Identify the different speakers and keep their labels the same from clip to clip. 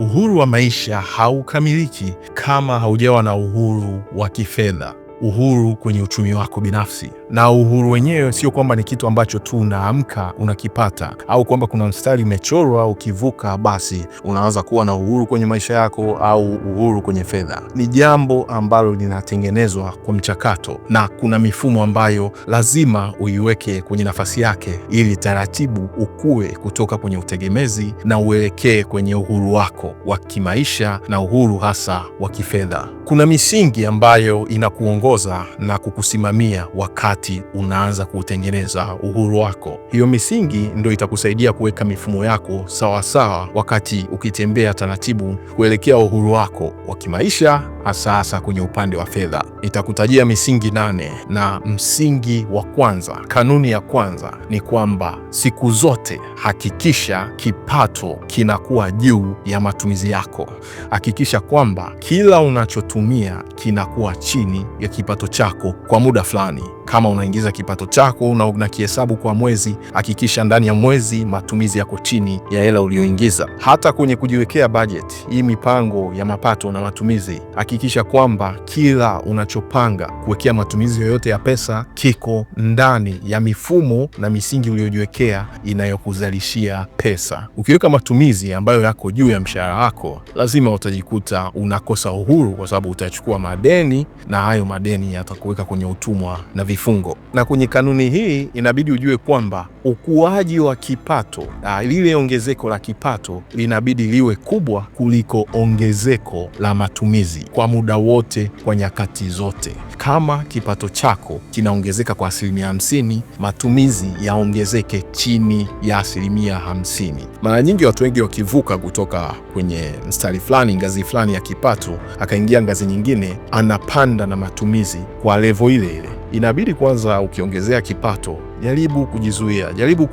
Speaker 1: Uhuru wa maisha haukamiliki kama haujawa na uhuru wa kifedha uhuru kwenye uchumi wako binafsi. Na uhuru wenyewe sio kwamba ni kitu ambacho tu unaamka unakipata, au kwamba kuna mstari umechorwa ukivuka basi unaanza kuwa na uhuru kwenye maisha yako au uhuru kwenye fedha. Ni jambo ambalo linatengenezwa kwa mchakato, na kuna mifumo ambayo lazima uiweke kwenye nafasi yake, ili taratibu ukue kutoka kwenye utegemezi na uelekee kwenye uhuru wako wa kimaisha na uhuru hasa wa kifedha. Kuna misingi ambayo inakuongoza kukuongoza na kukusimamia wakati unaanza kuutengeneza uhuru wako. Hiyo misingi ndio itakusaidia kuweka mifumo yako sawasawa sawa, wakati ukitembea taratibu kuelekea uhuru wako wa kimaisha, hasa hasa kwenye upande wa fedha. Itakutajia misingi nane, na msingi wa kwanza, kanuni ya kwanza ni kwamba siku zote hakikisha kipato kinakuwa juu ya matumizi yako. Hakikisha kwamba kila unachotumia kinakuwa chini ya kipato chako kwa muda fulani. Kama unaingiza kipato chako na unakihesabu kwa mwezi, hakikisha ndani ya mwezi matumizi yako chini ya hela uliyoingiza. Hata kwenye kujiwekea bajeti, hii mipango ya mapato na matumizi, hakikisha kwamba kila unachopanga kuwekea matumizi yoyote ya pesa kiko ndani ya mifumo na misingi uliyojiwekea inayokuzalishia pesa. Ukiweka matumizi ambayo yako juu ya mshahara wako, lazima utajikuta unakosa uhuru, kwa sababu utachukua madeni na hayo madeni yatakuweka kwenye utumwa na vifu vifungo. Na kwenye kanuni hii inabidi ujue kwamba ukuaji wa kipato na ah, lile ongezeko la kipato linabidi liwe kubwa kuliko ongezeko la matumizi kwa muda wote, kwa nyakati zote. Kama kipato chako kinaongezeka kwa asilimia hamsini, matumizi yaongezeke chini ya asilimia hamsini. Mara nyingi watu wengi wakivuka kutoka kwenye mstari fulani, ngazi fulani ya kipato, akaingia ngazi nyingine, anapanda na matumizi kwa levo ile ile inabidi kwanza, ukiongezea kipato, jaribu kujizuia, jaribu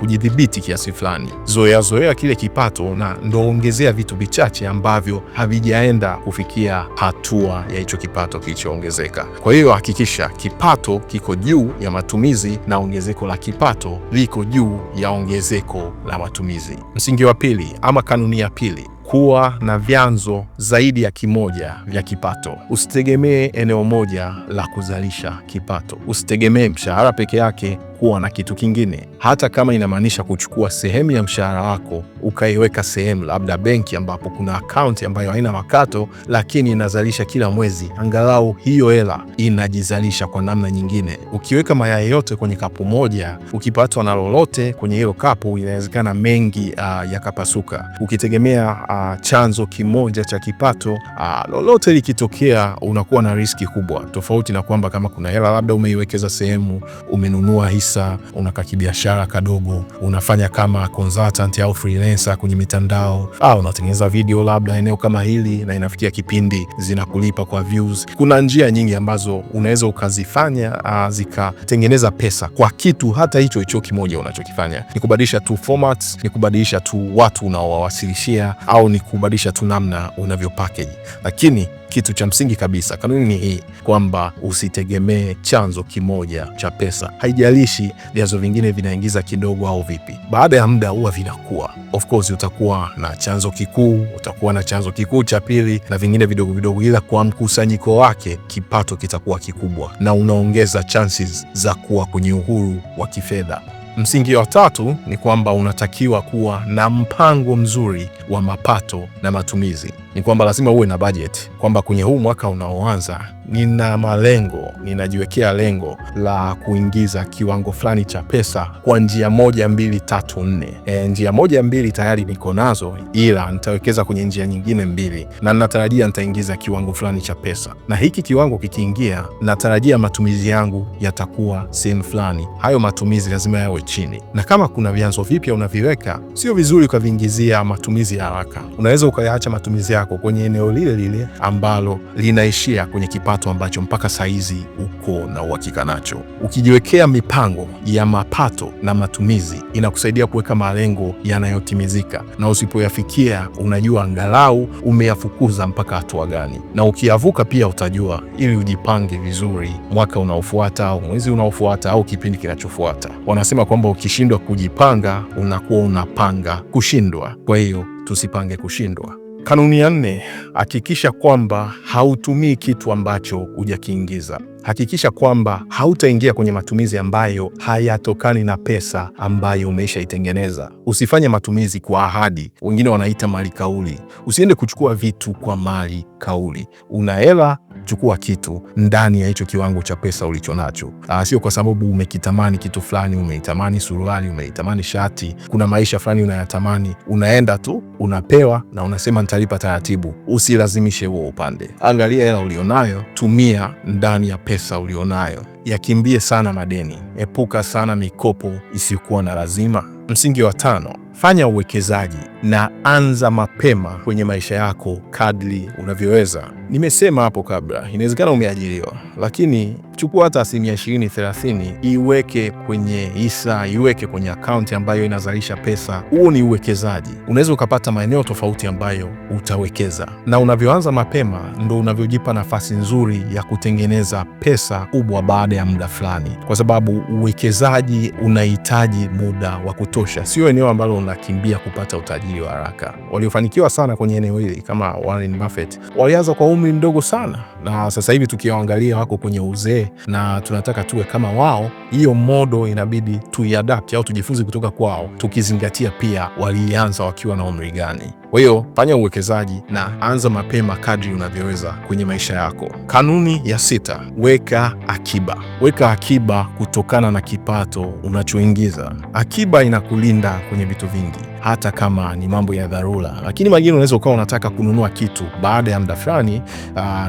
Speaker 1: kujidhibiti kiasi fulani, zoea zoea kile kipato na ndo ongezea vitu vichache ambavyo havijaenda kufikia hatua ya hicho kipato kilichoongezeka. Kwa hiyo hakikisha kipato kiko juu ya matumizi na ongezeko la kipato liko juu ya ongezeko la matumizi. Msingi wa pili ama kanuni ya pili kuwa na vyanzo zaidi ya kimoja vya kipato. Usitegemee eneo moja la kuzalisha kipato, usitegemee mshahara peke yake kuwa na kitu kingine, hata kama inamaanisha kuchukua sehemu ya mshahara wako ukaiweka sehemu labda benki, ambapo kuna akaunti ambayo haina makato, lakini inazalisha kila mwezi, angalau hiyo hela inajizalisha kwa namna nyingine. Ukiweka mayai yote kwenye kapu moja, ukipatwa na lolote kwenye hilo kapu, inawezekana mengi uh, yakapasuka. Ukitegemea uh, chanzo kimoja cha kipato uh, lolote likitokea, unakuwa na riski kubwa, tofauti na kwamba kama kuna hela labda umeiwekeza sehemu, umenunua hisa kabisa, unakaa kibiashara kadogo, unafanya kama consultant au freelancer kwenye mitandao, au ah, unatengeneza video labda eneo kama hili, na inafikia kipindi zinakulipa kwa views. Kuna njia nyingi ambazo unaweza ukazifanya ah, zikatengeneza pesa kwa kitu hata hicho hicho kimoja unachokifanya. Ni kubadilisha tu formats, ni kubadilisha tu watu unaowawasilishia, au ni kubadilisha tu namna unavyo package, lakini kitu cha msingi kabisa. Kanuni ni hii kwamba usitegemee chanzo kimoja cha pesa, haijalishi vyanzo vingine vinaingiza kidogo au vipi. Baada ya muda huwa vinakuwa, of course, utakuwa na chanzo kikuu, utakuwa na chanzo kikuu cha pili na vingine vidogo vidogo, ila kwa mkusanyiko wake kipato kitakuwa kikubwa na unaongeza chances za kuwa kwenye uhuru wa kifedha. Msingi wa tatu ni kwamba unatakiwa kuwa na mpango mzuri wa mapato na matumizi ni kwamba lazima uwe na budget, kwamba kwenye huu mwaka unaoanza nina malengo, ninajiwekea lengo la kuingiza kiwango fulani cha pesa kwa njia moja, mbili, tatu, nne. E, njia moja mbili tayari niko nazo, ila nitawekeza kwenye njia nyingine mbili, na natarajia nitaingiza kiwango fulani cha pesa, na hiki kiwango kikiingia, natarajia matumizi yangu yatakuwa sehemu fulani. Hayo matumizi lazima yawe chini, na kama kuna vyanzo vipya unaviweka, sio vizuri ukaviingizia matumizi ya haraka. Unaweza ukayaacha matumizi ya yako kwenye eneo lile lile ambalo linaishia kwenye kipato ambacho mpaka saizi uko na uhakika nacho. Ukijiwekea mipango ya mapato na matumizi, inakusaidia kuweka malengo yanayotimizika, na usipoyafikia unajua angalau umeyafukuza mpaka hatua gani, na ukiyavuka pia utajua, ili ujipange vizuri mwaka unaofuata au mwezi unaofuata au kipindi kinachofuata. Wanasema kwamba ukishindwa kujipanga unakuwa unapanga kushindwa. Kwa hiyo tusipange kushindwa. Kanuni ya nne, hakikisha kwamba hautumii kitu ambacho hujakiingiza hakikisha kwamba hautaingia kwenye matumizi ambayo hayatokani na pesa ambayo umeishaitengeneza. Usifanye matumizi kwa ahadi, wengine wanaita mali kauli. Usiende kuchukua vitu kwa mali kauli. Una hela, chukua kitu ndani ya hicho kiwango cha pesa ulicho nacho. Ah, sio kwa sababu umekitamani kitu fulani, umeitamani suruali, umeitamani shati, kuna maisha fulani unayatamani, unaenda tu unapewa na unasema nitalipa taratibu. Usilazimishe huo upande, angalia hela ulionayo, tumia ndani ya pesa pesa ulionayo, yakimbie sana madeni, epuka sana mikopo isiyokuwa na lazima. Msingi wa tano, fanya uwekezaji na anza mapema kwenye maisha yako kadri unavyoweza. Nimesema hapo kabla, inawezekana umeajiriwa, lakini chukua hata asilimia ishirini 30, iweke kwenye hisa, iweke kwenye akaunti ambayo inazalisha pesa. Huo ni uwekezaji. Unaweza ukapata maeneo tofauti ambayo utawekeza, na unavyoanza mapema ndo unavyojipa nafasi nzuri ya kutengeneza pesa kubwa baada ya muda fulani, kwa sababu uwekezaji unahitaji muda wa kutosha, sio eneo ambalo unakimbia kupata utaji utajiri wa haraka. Waliofanikiwa sana kwenye eneo hili kama Warren Buffett walianza kwa umri mdogo sana, na sasa hivi tukiwaangalia wako kwenye uzee, na tunataka tuwe kama wao. Hiyo modo inabidi tuiadapt au tujifunze kutoka kwao, tukizingatia pia walianza wakiwa na umri gani. Kwa hiyo fanya uwekezaji na anza mapema kadri unavyoweza kwenye maisha yako. Kanuni ya sita, weka akiba. Weka akiba kutokana na kipato unachoingiza. Akiba inakulinda kwenye vitu vingi, hata kama ni mambo ya dharura, lakini magine unaweza ukawa unataka kununua kitu baada ya muda fulani,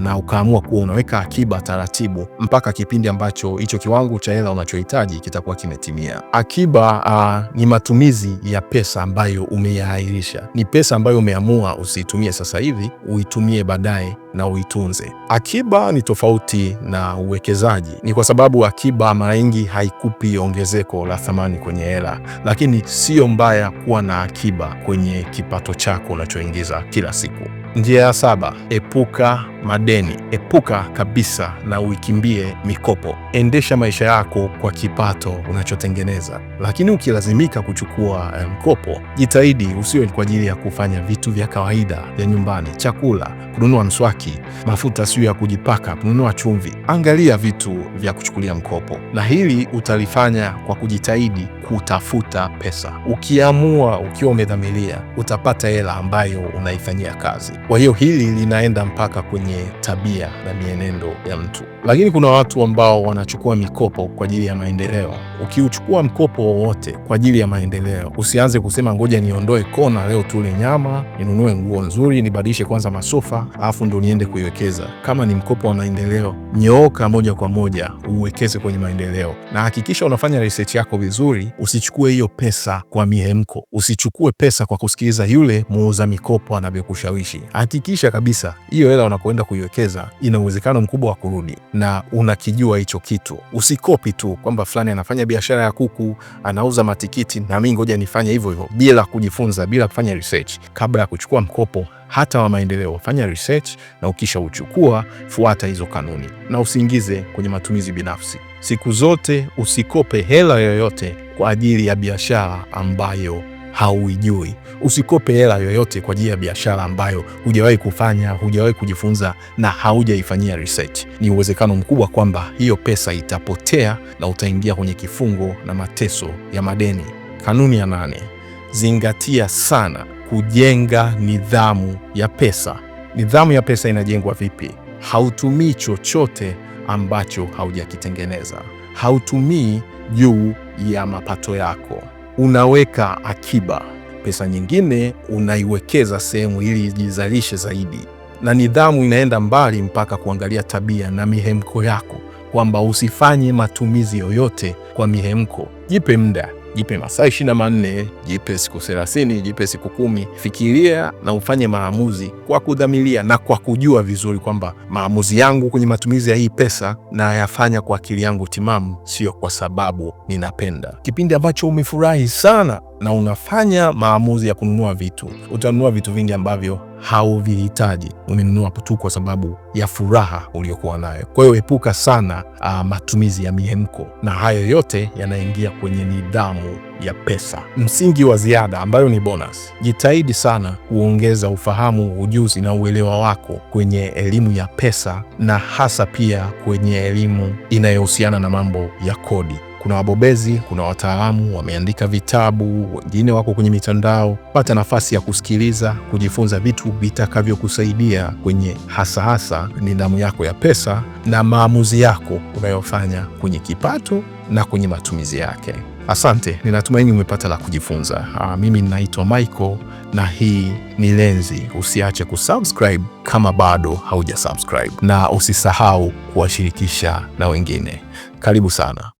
Speaker 1: na ukaamua kuwa unaweka akiba taratibu mpaka kipindi ambacho hicho kiwango cha hela unachohitaji kitakuwa kimetimia. Akiba aa, ni matumizi ya pesa ambayo umeyaahirisha, ni pesa ambayo ambayo umeamua usiitumie sasa hivi, uitumie baadaye na uitunze. Akiba ni tofauti na uwekezaji, ni kwa sababu akiba mara nyingi haikupi ongezeko la thamani kwenye hela, lakini sio mbaya kuwa na akiba kwenye kipato chako unachoingiza kila siku. Njia ya saba, epuka madeni. Epuka kabisa na uikimbie mikopo. Endesha maisha yako kwa kipato unachotengeneza, lakini ukilazimika kuchukua eh, mkopo, jitahidi usiwe kwa ajili ya kufanya vitu vya kawaida vya nyumbani: chakula, kununua mswaki, mafuta sio ya kujipaka, kununua chumvi. Angalia vitu vya kuchukulia mkopo, na hili utalifanya kwa kujitahidi kutafuta pesa. Ukiamua ukiwa umedhamiria, utapata hela ambayo unaifanyia kazi. Kwa hiyo hili linaenda mpaka kwenye tabia na mienendo ya mtu. Lakini kuna watu ambao wanachukua mikopo kwa ajili ya maendeleo. Ukiuchukua mkopo wowote kwa ajili ya maendeleo, usianze kusema ngoja niondoe kona leo tule nyama, ninunue nguo nzuri, nibadilishe kwanza masofa, alafu ndo niende kuiwekeza. Kama ni mkopo wa maendeleo, nyooka moja kwa moja uwekeze kwenye maendeleo, na hakikisha unafanya research yako vizuri. Usichukue hiyo pesa kwa mihemko, usichukue pesa kwa kusikiliza yule muuza mikopo anavyokushawishi. Hakikisha kabisa hiyo hela unakoenda kuiwekeza ina uwezekano mkubwa wa kurudi na unakijua hicho kitu. Usikopi tu kwamba fulani anafanya biashara ya kuku, anauza matikiti, na mimi ngoja nifanye hivyo hivyo, bila kujifunza, bila kufanya research. Kabla ya kuchukua mkopo hata wa maendeleo, fanya research, na ukisha uchukua, fuata hizo kanuni na usiingize kwenye matumizi binafsi. Siku zote usikope hela yoyote kwa ajili ya biashara ambayo hauijui. Usikope hela yoyote kwa ajili ya biashara ambayo hujawahi kufanya, hujawahi kujifunza na haujaifanyia research. Ni uwezekano mkubwa kwamba hiyo pesa itapotea na utaingia kwenye kifungo na mateso ya madeni. Kanuni ya nane, zingatia sana kujenga nidhamu ya pesa. Nidhamu ya pesa inajengwa vipi? Hautumii chochote ambacho haujakitengeneza. Hautumii juu ya mapato yako unaweka akiba, pesa nyingine unaiwekeza sehemu ili ijizalishe zaidi, na nidhamu inaenda mbali mpaka kuangalia tabia na mihemko yako, kwamba usifanye matumizi yoyote kwa mihemko. Jipe muda jipe masaa manne, jipe siku thelathini, jipe siku kumi. Fikiria na ufanye maamuzi kwa kudhamiria na kwa kujua vizuri kwamba maamuzi yangu kwenye matumizi ya hii pesa nayafanya kwa akili yangu timamu, sio kwa sababu ninapenda. Kipindi ambacho umefurahi sana na unafanya maamuzi ya kununua vitu, utanunua vitu vingi ambavyo hauvihitaji, umenunua tu kwa sababu ya furaha uliokuwa nayo. Kwa hiyo epuka sana uh, matumizi ya mihemko, na hayo yote yanaingia kwenye nidhamu ya pesa. Msingi wa ziada ambayo ni bonus, jitahidi sana kuongeza ufahamu, ujuzi na uelewa wako kwenye elimu ya pesa na hasa pia kwenye elimu inayohusiana na mambo ya kodi kuna wabobezi, kuna wataalamu wameandika vitabu, wengine wako kwenye mitandao. Pata nafasi ya kusikiliza, kujifunza vitu vitakavyokusaidia kwenye hasa hasa nidhamu yako ya pesa na maamuzi yako unayofanya kwenye kipato na kwenye matumizi yake. Asante, ninatumaini umepata la kujifunza. Aa, ah, mimi ninaitwa Michael na hii ni Lenzi. Usiache kusubscribe kama bado haujasubscribe, na usisahau kuwashirikisha na wengine. Karibu sana.